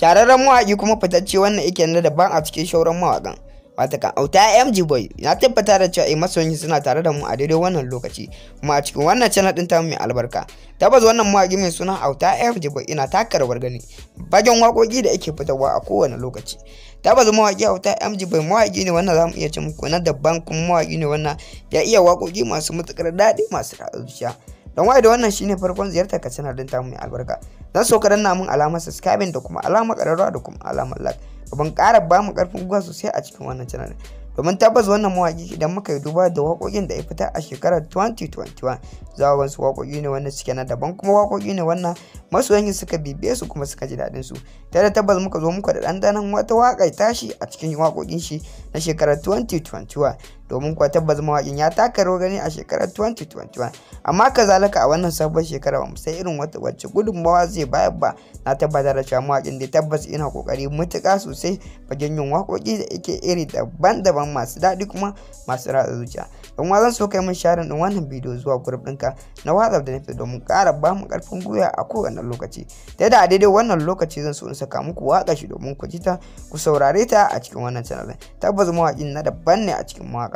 shararren mawaƙi kuma fitacce wannan yake na daban a cikin shauran mawaƙan wata kan auta mg boy na tabbata da cewa eh, masoyin suna tare da mu a daidai wannan lokaci kuma a cikin wannan channel din ta mai albarka tabbas wannan mawaƙi mai suna auta mg boy ina taka rawar gani bagen waƙoƙi da yake fitarwa a kowane lokaci tabbas mawaƙi auta mg boy mawaƙi ne wannan zamu iya ce muku na daban kuma mawaƙi ne wannan ya iya waƙoƙi masu matuƙar daɗi masu raɗa zuciya don waye da wannan shine farkon ziyartar ka channel din ta mai albarka za su ka danna mun alamar subscribing da kuma alamar ƙararrawa da kuma alamar like domin ƙara ba mu ƙarfin gwiwa sosai a cikin wannan channel domin tabbas wannan mawaƙi idan muka yi duba da waƙoƙin da ya fita a shekarar 2021 za a wasu waƙoƙi ne wannan suke na daban kuma waƙoƙi ne wannan yanki suka bibiye su kuma suka ji daɗin su ta da tabbas muka zo muka da ɗanɗanon wata waƙa tashi a cikin waƙoƙin shi na shekarar 2021 domin kuwa tabbas mawaƙin ya taka rawar gani a shekarar 2021 amma zalaka a wannan sabon shekara ba sai irin wata wacce gudunmawa zai bayar ba na tabbatar da cewa mawaƙin da tabbas ina kokari mutuƙa sosai fagen yin waƙoƙi da yake iri daban-daban masu daɗi kuma masu ratsa zuciya don zan so kai min sharin din wannan bidiyo zuwa grup ɗinka na watsaf da nufi domin ƙara ba mu ƙarfin gwiwa a kowane lokaci ta da a daidai wannan lokaci zan so in saka muku waƙa shi domin ku ji ta ku saurare ta a cikin wannan canal tabbas mawaƙin na daban ne a cikin mawaƙa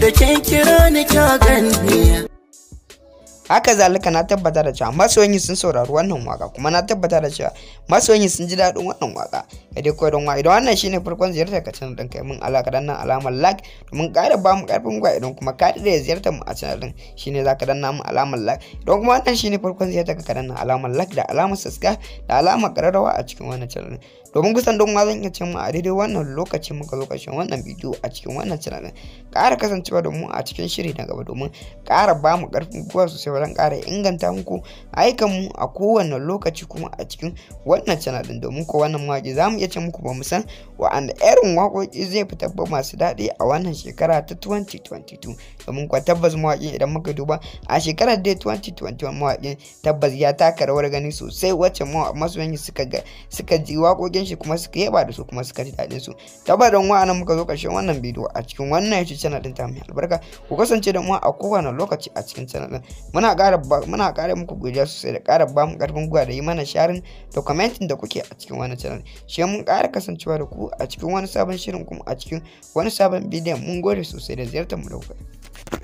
da kyan kira ni kya gani haka zalika na tabbata da cewa masoyin sun saurari wannan waka kuma na tabbata da cewa masoyin sun ji daɗin wannan waka ga dai koyar wa idan wannan shine farkon ziyartar ka canal ɗin kai mun alaka dan nan alamar like domin ƙara ba mu ƙarfin gwa idan kuma ka da ziyartar mu a canal ɗin shine zaka danna mu alamar like idan kuma wannan shine farkon ziyartar ka nan alamar like da alamar subscribe da alamar ƙararrawa a cikin wannan channel ɗin domin kusan don ma zan iya ce mu a daidai wannan lokacin muka zo ƙarshen wannan bidiyo a cikin wannan channel ɗin ƙara kasancewa da mu a cikin shiri na gaba domin ƙara ba mu ƙarfin gwa sosai gaba ƙara inganta muku aikan mu a kowane lokaci kuma a cikin wannan channel din domin ko wannan mawaki za mu iya ce muku ba mu san wa'anda irin waƙoƙi zai fi tabba masu daɗi a wannan shekara ta 2022 domin kwa tabbas mawaƙin idan muka duba a shekarar dai 2021 mawaƙin tabbas ya taka rawar gani sosai wacce masoyan suka ga suka ji waƙoƙin shi kuma suka yaba da su kuma suka ji daɗin su tabbarin wa'annan muka zo ƙarshen wannan bidiyo a cikin wannan yace channel din ta mai albarka ku kasance da mu a kowane lokaci a cikin channel din muna muna ƙara muna ƙara muku godiya sosai da ƙara ba mu ƙarfin gwiwa da yi mana sharin da commenting da kuke a cikin wani channel shi mun ƙara kasancewa da ku a cikin wani sabon shirin kuma a cikin wani sabon bidiyon mun gode sosai da ziyartar mu da kuka